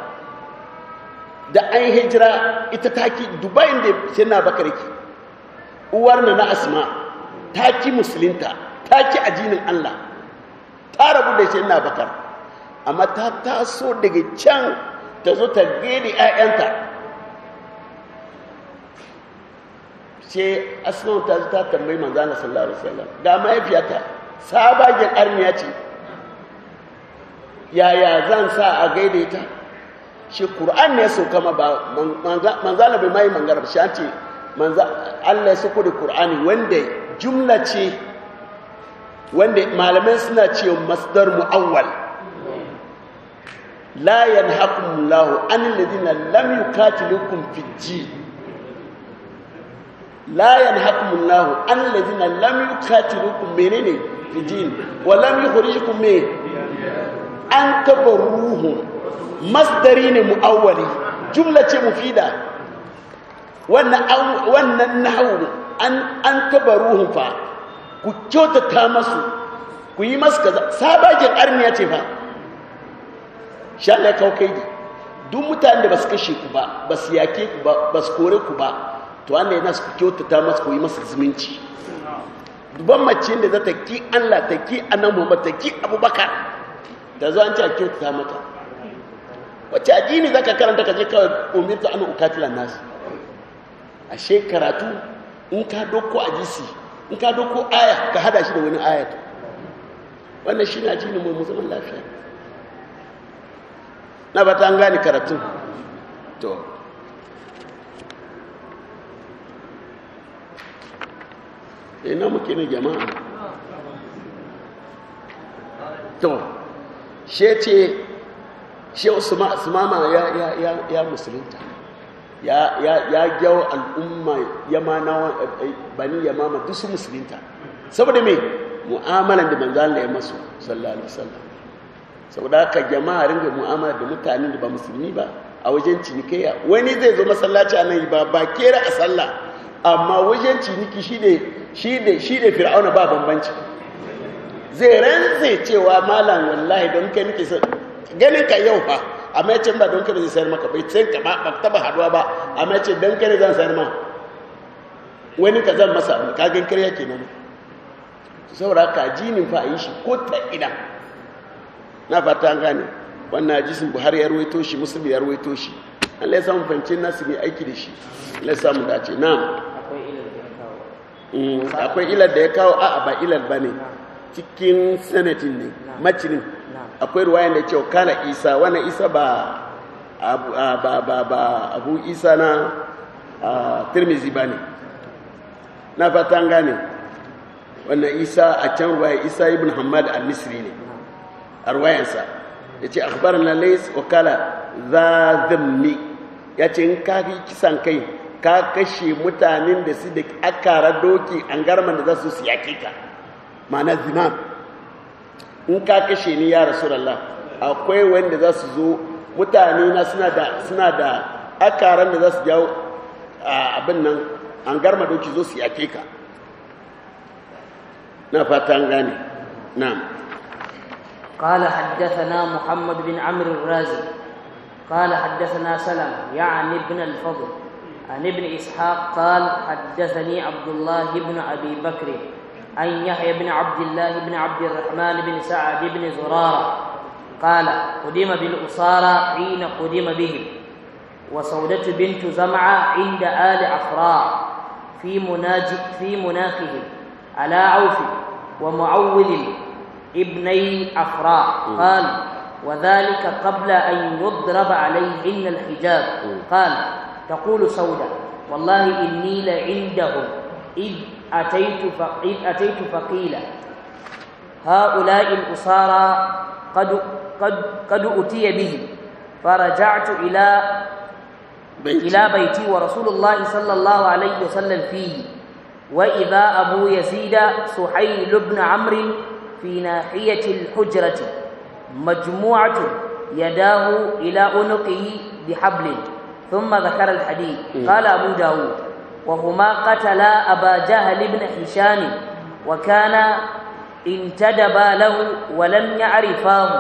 da an hijira ita taki dubai da sirna bakar ki uwar na na asma taki musulinta taki ajinin allah ta rabu da sirna bakar amma ta taso daga can ta zo ta gani 'ya'yanta ce asma'u ta zuta tambayi manzana sallallahu alaihi wasallam ga mahaifiyata sabagen arniya ce yaya zan sa a gaida ita shi qur'an ne so kama ba manzana bai mai mangara shi an ce manzo Allah ya sako da wanda jumla ce wanda malamai suna ce masdar muawwal la yanhaqu Allahu an alladhina lam yuqatilukum fi din la yanhakum Allah an ladina lam yuqatilukum menene fi din wa lam yukhrijukum me an tabarruhu masdari ne muawwali jumla ce mufida wannan wannan nahwu an an ruhu fa ku kyautata masu ku yi masu kaza arniya ce fa sha Allah duk mutanen da basu kashe ku kore ku ba to wanda yana su kyautata masa koyi masa zumunci dubban mace da za ta ki Allah ta ki annabi Muhammad ta ki Abubakar da zo an ce kyautata mata Wacce a jini za ka karanta ka je ka ta an ukatila nasu a shekaratu in ka doko a jisi in ka doko aya ka hada shi da wani ayatu wannan shi na jini mu musamman lafiya na ba ta an gane karatun to ina muke ne jama'a to she ce she usmama ya ya ya ya musulunta ya ya ya gyawo al'umma yamanawa eh, bani yamama duk su musulunta saboda me mu'amalan da manzo Allah ya masu sallallahu alaihi wasallam saboda ka jama'a ringa mu'amala da mutanen da ba musulmi ba a wajen cinikayya wani zai zo masallaci a nan ba ba kera a sallah amma wajen ciniki shi ne shi ne fir'auna ba bambanci zai rantse cewa malam wallahi don kai nake son ganin ka yau fa amma ya ce ba don kai zai sayar maka bai sai ka ba ba taba haduwa ba amma ya ce don kai zan sayar ma wani ka zan masa ka gan karya ke nan saboda ka ni fa a yi shi ko ta ina na fata gane wannan hadisin buhari ya ruwaito shi muslim ya ruwaito shi Allah ya samu fahimci nasu ne aiki da shi Allah ya samu dace na akwai Eh, akwai ilar da ya kawo a'a ba ilar ba ne cikin sanatin ne macinin akwai ruwayan da cewa kala isa wani isa ba abu isa na turmizi ba ne na fatan gane wannan isa a can ruwaya isa ibn hamad a misri ne a ruwayansa ya ce akbar na lais wa kala za zammi ya ce in kafi kisan kai ka kashe mutanen da su da akara doki an garman da za su su yaƙe ka ma'ana zina in ka kashe ni ya rasulallah akwai wanda za su zo mutane na suna da suna da akaran da za su jawo abin nan an garma doki zo su yake ka na fata an gane na'am قال حدثنا محمد بن عمرو الرازي قال حدثنا سلم يعني ابن الفضل عن ابن إسحاق قال حدثني عبد الله بن أبي بكر عن يحيى بن عبد الله بن عبد الرحمن بن سعد بن زرارة قال قدم بالأصارى حين قدم بهم وسودة بنت زمعة عند آل عفراء في مناج في مناخهم على عوف ومعول ابني عفراء قال وذلك قبل أن يضرب عليهن الحجاب قال تقول سودة والله إني لعندهم إذ أتيت, إذ أتيت فقيل هؤلاء الأسارى قد, قد, قد أتي بهم فرجعت إلى بيتي. إلى بيتي ورسول الله صلى الله عليه وسلم فيه وإذا أبو يزيد سحيل بن عمرو في ناحية الحجرة مجموعة يداه إلى عنقه بحبل ثم ذكر الحديث قال أبو داود وهما قتلا أبا جهل بن حشان وكان انتدبا له ولم يعرفاه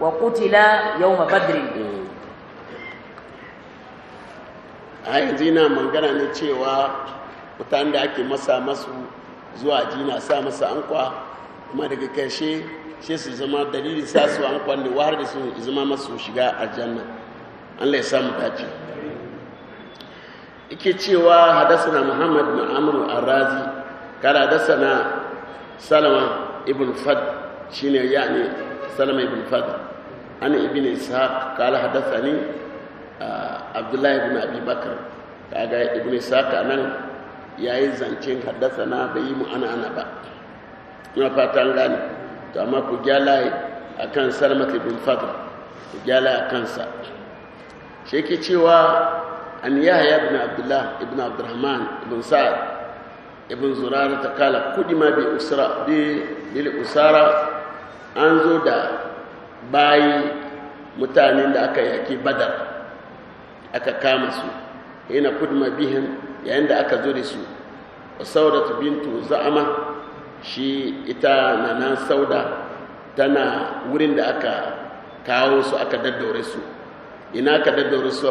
وقتلا يوم بدر ayin yanzu yana magana ne cewa mutanen da ake masa masu zuwa jina sa masa ankwa kuma daga karshe shi su zama dalilin sa su ankwa da wahar da su zama masu shiga aljanna allah ya samu dace ike cewa hadasana muhammad bin amr a razi kala hadasana salama ibn fad shine ne salama ibn fad an ibn ishaq kala hadasani uh, abdullahi ibn abi bakr kaga ibn ishaq anan yayi zancen hadasana bai yi mu ana ana ba ina fatan gane to amma ku gyala akan salama ibn fad ku gyala akan sa shi ke cewa an yahya ibn abdullah ibn abdurrahman ibn sa'ad ibn zurara ta kala kudi ma bi usra an zo da bayi mutane da aka yaki badar aka kama su yana kudma bihin yayin da aka zo da su wa saudatu bintu za'ama shi ita nanan sauda tana wurin da aka kawo su aka daddaure su ina aka daddaure su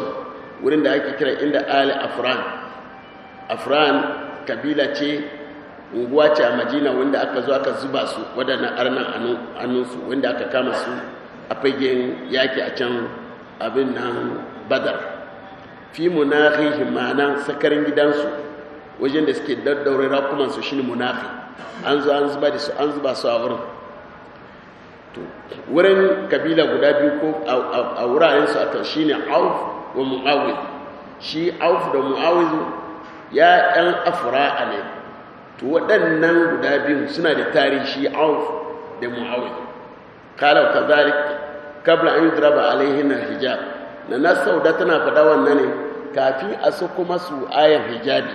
wurin da ake kira inda ali afran afran kabila ce unguwa ce a majina wanda aka zo aka zuba su wadannan arnan annunsu wanda aka kama su a fagen yaki a can abin nan badar fi munafi himana sakarin gidansu wajen da suke daddaure rakumansu shi ne munafi an zo an zuba da su an zuba su a wurin wurin kabila guda biyu ko a wurarensu a kan shi ne auf wa mu'awiz shi auf da mu'awiz ya ɗan afra'a ne to waɗannan guda biyu suna da tarihi auf da mu'awiz kala zalik kabla an yudraba na hijab na sauda tana faɗa wannan ne kafin a su kuma su ayan hijabi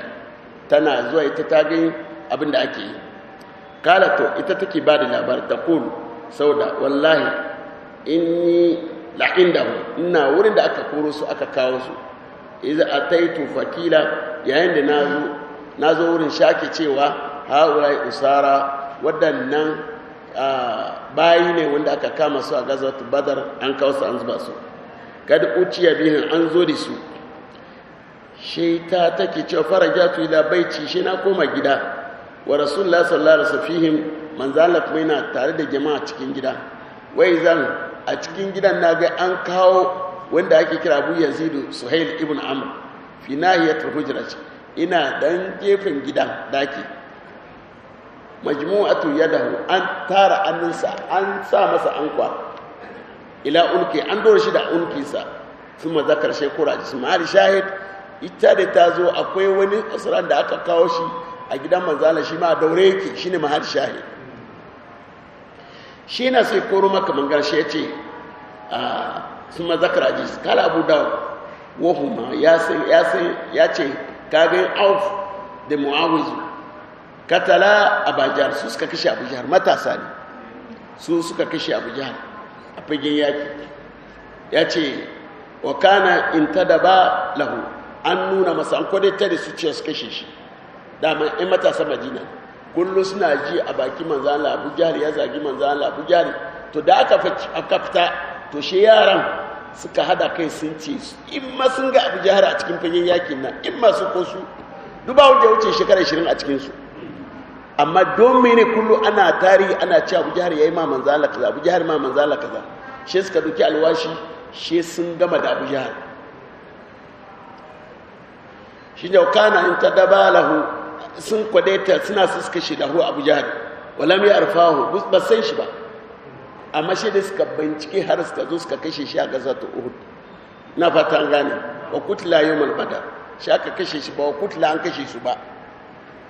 tana zuwa ita ta gani abin da ake yi kala to ita take ba da labar ta kulu sauda wallahi yi. la'inda ina wurin da aka koro su aka kawo su iza taito fakila yayin da na zo wurin shaki cewa haulai usara waɗannan. bayi ne wanda aka kama su a gazatu badar an kawo su an zuba su kad uciya bihin an zo da su shi ta take cewa farajatu ila baiti shi na koma gida wa rasulullah sallallahu alaihi wasallam manzala kuma yana tare da jama'a cikin gida wai zan a cikin gidan na ga an kawo wanda ake kira abu yanzu suhail ibn amr fi nahiyatul hujrat ina dan gefen gidan daki majmu'atu yadahu an tara annansa an sa masa ankwa ila unki an dora shi da unkinsa kuma zakar shi kuraji su ma'ar shahid ita da ta zo akwai wani asirar da aka kawo shi a gidan manzala shi ma daure yake shine mahar shahid shi na sai koro maka mangar shi ya ce a ah, sun mazakar ajiyar kala abu da ma, ya ce kagin auf da mu'awizu katala abajar su suka kashe abu jihar matasa ne su suka kashe abu jihar a fagen yaki ya ce wa kana in ta da ba lahu an nuna masa an kwadai ta da su ce su kashe shi dama in matasa ne kullu suna ji a baki manzan labu jari ya zagi manzan labu jari to da aka fita to shi yaran suka hada kai sun ce in ma sun ga Abu jihar a cikin fagen yakin nan in ma su ko su duba wanda ya wuce shekara 20 a cikin su amma don mene kullu ana tarihi ana ci Abu ya yi ma manzan Allah kaza Abu jihar ma manzan Allah kaza shi suka duki alwashi shi sun gama da Abu jihar shi ne kana in lahu sun kwadaita suna su suka shi dahu abu jihar walam ya arfahu ba san shi ba amma shi da suka bincike har suka zo suka kashe shi a gaza ta uhud na fata an gane wa kutla yau malbada shi aka kashe shi ba wa kutla an kashe su ba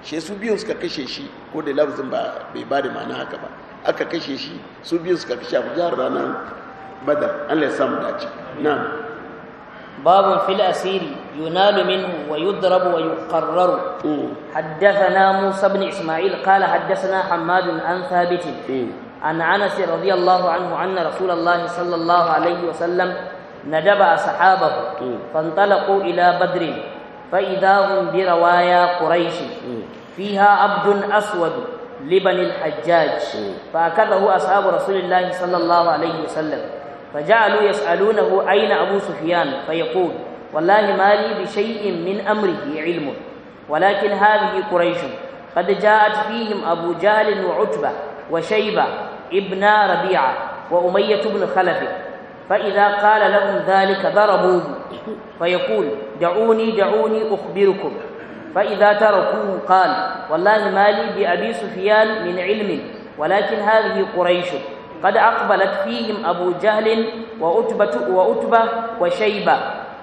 shi su biyun suka kashe shi ko da lafzin ba bai ba da ma'ana haka ba aka kashe shi su biyun suka kashe abu jihar ranar badar allah ya samu dace na باب في الأسير ينال منه ويضرب ويقرر حدثنا موسى بن إسماعيل قال حدثنا حماد عن ثابت عن أنس رضي الله عنه أن رسول الله صلى الله عليه وسلم ندب أصحابه فانطلقوا إلى بدر فإذا هم بروايا قريش فيها عبد أسود لبني الحجاج فأكله أصحاب رسول الله صلى الله عليه وسلم فجعلوا يسألونه أين أبو سفيان فيقول والله ما لي بشيء من أمره علم ولكن هذه قريش قد جاءت فيهم أبو جهل وعتبة وشيبة ابن ربيعة وأمية بن خلف فإذا قال لهم ذلك ضربوه فيقول دعوني دعوني أخبركم فإذا تركوه قال والله ما لي بأبي سفيان من علم ولكن هذه قريش قد أقبلت فيهم أبو جهل وأتبة, وأتبة وشيبة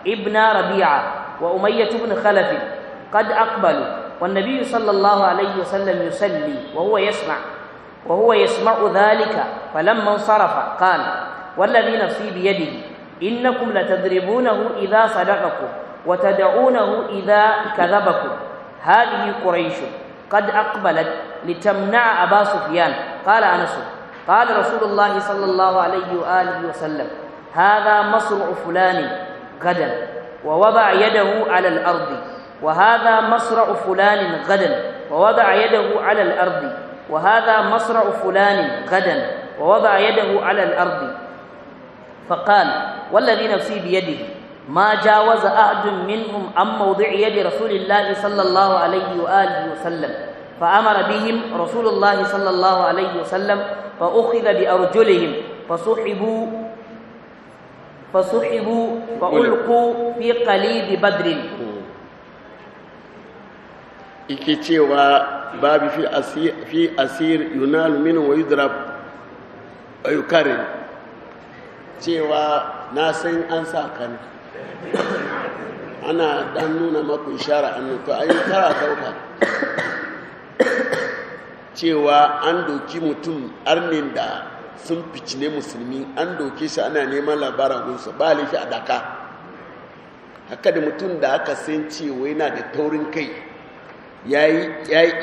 ابن ربيعة وأمية بن خلف قد أقبلوا والنبي صلى الله عليه وسلم يصلي وهو يسمع وهو يسمع ذلك فلما انصرف قال والذي نفسي بيده إنكم لتضربونه إذا صدقكم وتدعونه إذا كذبكم هذه قريش قد أقبلت لتمنع أبا سفيان قال أنس قال رسول الله صلى الله عليه وآله وسلم هذا مصرع فلان غدا ووضع يده على الأرض وهذا مصرع فلان غدا ووضع يده على الأرض وهذا مصرع فلان غدا ووضع يده على الأرض فقال والذي نفسي بيده ما جاوز أحد منهم عن موضع يد رسول الله صلى الله عليه وآله وسلم فأمر بهم رسول الله صلى الله عليه وسلم فأخذ بأرجلهم فسحبوا فسحبوا فألقوا في قليب بدر إكتوى باب في أسير, في أسير ينال منه ويضرب ويكرم cewa na san an sa kan ana dan nuna maku ishara annu to ayi kara dauka cewa an doki mutum arnin da sun ficine musulmi an doke shi ana neman labaran gunsa ba laifi a daka haka da mutum da aka san cewa yana da taurin kai ya yi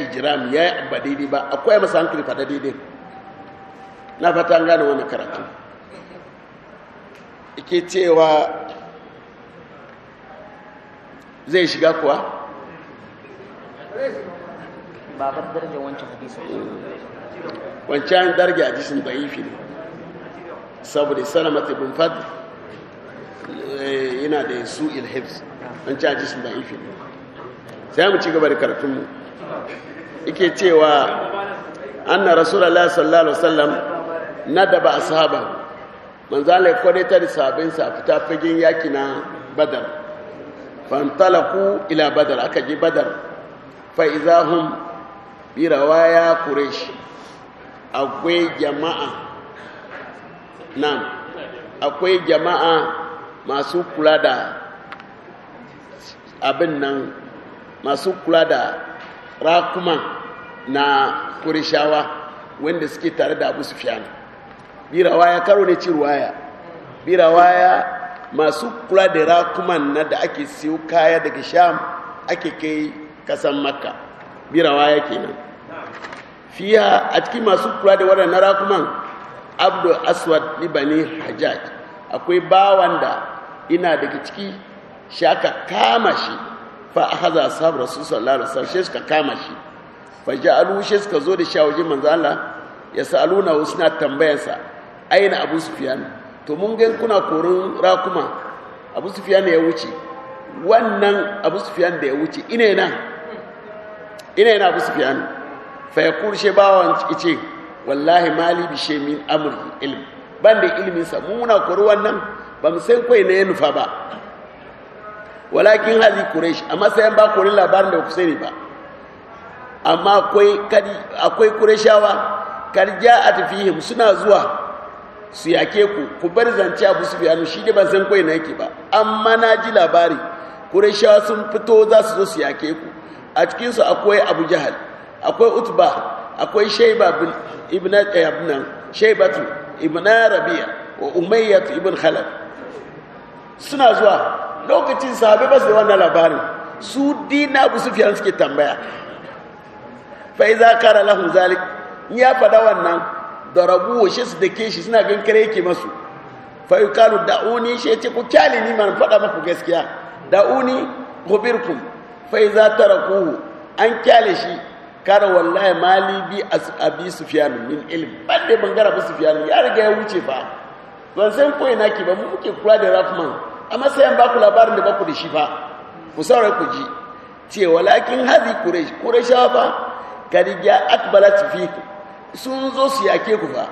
ijiram ya yi ba daidai ba akwai masa hankali fada daidai na fata gane wani karatu ike cewa zai shiga kuwa babar daraja wancan hadisin wancan daraja hadisin da'ifi ne saboda salamata bin fadl eh, yana da su ilhibs wancan hadisin da'ifi ne sai mu ci gaba da karfinmu ike cewa anna rasulallah sallallahu alaihi wasallam nadaba manzo manzala ya ta da sabinsa a fita fagen yaki na badar fantalaku ila badar aka ji badar fa'izahun birawa ya kure shi akwai jama'a nan akwai jama'a masu kula da abin nan masu kula da rakuma na kurishawa wanda suke tare da abu sufiyan birawa ya karo ne ci birawa ya masu kula da rakuman na da ake siyo kaya daga sham ake kai kasan makka birawa ya kenan fiya a cikin masu kula da na rakuman abdu aswad libani hajjaj akwai bawan da ina daga ciki shi aka kama shi fa a haza sabu rasu sallallahu alaihi wasallam shi suka kama shi fa ja'alu shi suka zo da shi a waje manzo Allah ya sa'aluna suna tambayansa aina abu sufyan to mun ga kuna korin rakuma abu sufyan ya wuce wannan abu sufyan da ya wuce ina ina ina ina abu sufyan fa ya bawan ce wallahi mali bi shi min amri ilmi ban da ilmin sa muna kuru wannan ba mu san na ne nufa ba walakin hali Kuraish amma sai ba ku labarin da ku ne ba amma akwai kar ja a tafi suna zuwa su yake ku ku bar zance abu su biyanu shi ne ban san kwai na yake ba amma na ji labari Kuraishawa sun fito za su zo su yake ku a cikinsu akwai abu jihar. akwai utba akwai shaiba ibn eh, abnan shaibatu ibn rabi'a wa umayyah ibn khalaf suna zuwa lokacin sahabi ba su da wannan labarin su dina abu sufiyan suke tambaya fa iza kara lahum zalik ya fada wannan da wa shi su dake shi suna gan kare yake masu fa yuqalu da'uni shi ce ku kyale ni man fada maku gaskiya da'uni khubirkum fa iza tarakuhu an kyale shi kara wallahi mali bi abi sufyan min ilm ban bangara bi sufyan ya riga ya wuce fa ban san ko ina ki ba mu muke kula da rahman amma sai an ba ku labarin da ba ku da shi fa ku saurare ku ji ce walakin hadi quraish quraisha fa kad ja akbalat fi sun zo su yake ku fa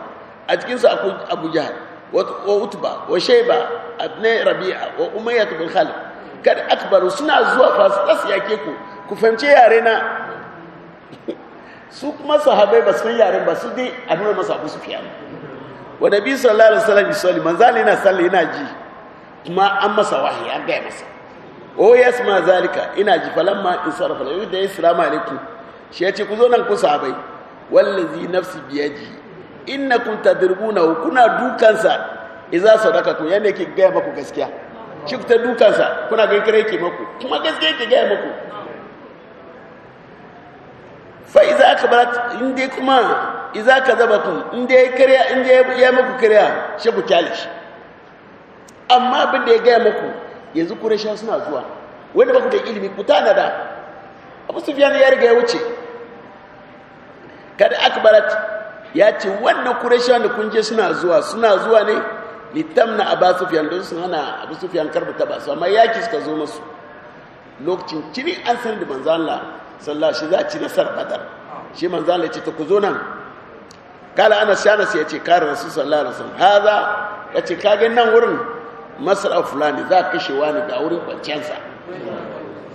a cikin su akwai abu jahal wa utba wa shayba abne rabi'a wa umayyah bin khalid kad akbaru suna zuwa fa su yake ku ku fance yare na su kuma sahabai ba su kan yare ba su dai a nuna masa abu su fiya wa nabi sallallahu alaihi wasallam yusalli manzali na salli yana ji kuma an masa wahayi an gaya masa o oh, yes ma zalika ina ji ma in sarrafa yau da ma alaikum shi ya ce ku zo nan ku sahabai wallazi nafsi biyaji innakum tadribuna kuna dukansa idza sadaqatu yana yake gaya maku gaskiya shi ku ta dukansa kuna gankare yake maku kuma gaskiya yake gaya maku fa iza akbarat in dai kuma iza kazabakum in dai kariya in dai ya muku kariya shi ku kyale shi amma abin da ya gaya muku yanzu shan suna zuwa wanda ba ku da ilimi ku tanada abu sufyan ya riga ya wuce kada akbarat ya ce wannan quraysha da kun je suna zuwa suna zuwa ne litamna abu sufyan don sun hana abu sufyan karbata ba su amma yaki suka zo masu lokacin cini an sanar da manzo Allah sallah shi za a ci nasar badar shi man ya ce ta ku zo nan kala ana shanas ya ce kare rasu sallah rasul haza ya ce kage nan wurin masara fulani za a kashe wani ga wurin kwanciyarsa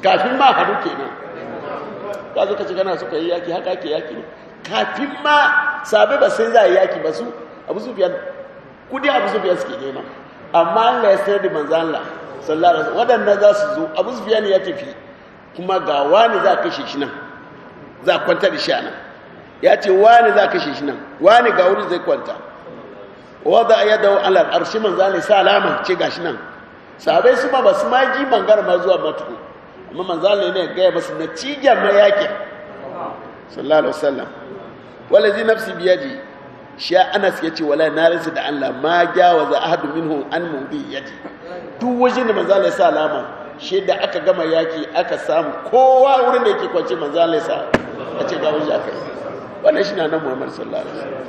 kafin ma hadu kenan ka zo ka ci kana suka yi yaki haka ke yaki ne kafin ma sabe ba sai za a yi yaki ba su abu sufiyan kudi abu sufiyan suke nema amma Allah ya sayar da manzan Allah sallallahu alaihi wasallam wadanda za su zo abu ne ya tafi kuma ga wani za a kashe shi nan za a kwanta da shi nan ya ce wani za a kashe shi nan wani ga wuri zai kwanta wadda a yadda alar arshi manza ne sa alama ce ga shi nan Sabai su ma ba su ma ji bangaren ma zuwa matuku amma manza ne ne gaya masu na cigar na yaƙi sallallahu alaihi wasallam wala zai nafsi biyaji shi anas ya ce wala na rinsu da allah ma gyawa za a hadu minhu an mu mudi yaji duk wajen da manza ne sa alama shi da aka gama yaki aka samu kowa wurin da yake kwanci manzalisa a ce ga wuce yi wannan shi na nan muhammadu sallallahu alaihi wasallam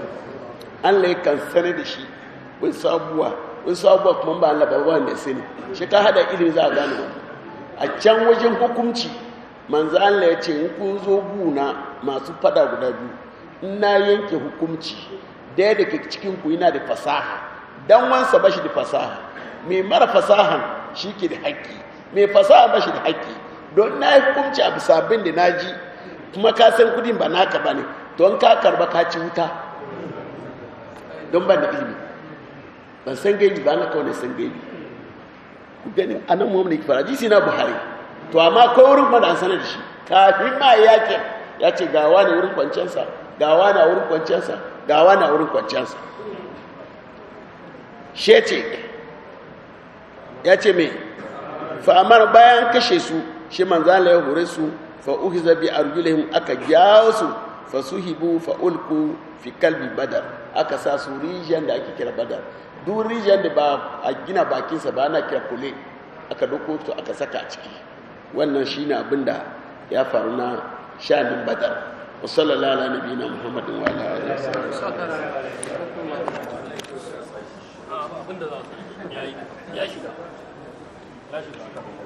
Allah kan sani da shi wani sabuwa wani sabuwa kuma ba Allah ba da sani shi ka hada ilimin za a gano a can wajen hukunci manzalisa ya ce in kun zo guna masu fada guda biyu na yanke hukunci daya da ke cikin ku yana da fasaha dan wansa ba shi da fasaha mai mara fasahan shi ke da haƙƙi mai fasaha bashi da haƙƙi don na yi hukunci a sabin da na ji kuma ka san kudin ba naka ba ne don ka karba ka ci wuta don ba da ilimi ban san gaji ba na kawai san gaji ku gani nan muhammadu ke fara jisi na buhari to amma ko wurin kuma an sanar da shi kafin ma ya ke ya ce gawa na wurin kwanciyarsa gawa na wurin kwanciyarsa gawa na wurin kwanciyarsa shi ya ce mai fa bayan kashe su shi manzala ya hore su fa uhiza bi arjulihim aka jawo su fa suhibu fa ulku fi kalbi badar aka sa su rijiyar da ake kira badar duk rijiyar da ba a gina bakinsa ba ana kira kule aka doko su aka saka a ciki wannan shine abin da ya faru na shanin badar wa sallallahu ala na muhammadin Pleasure.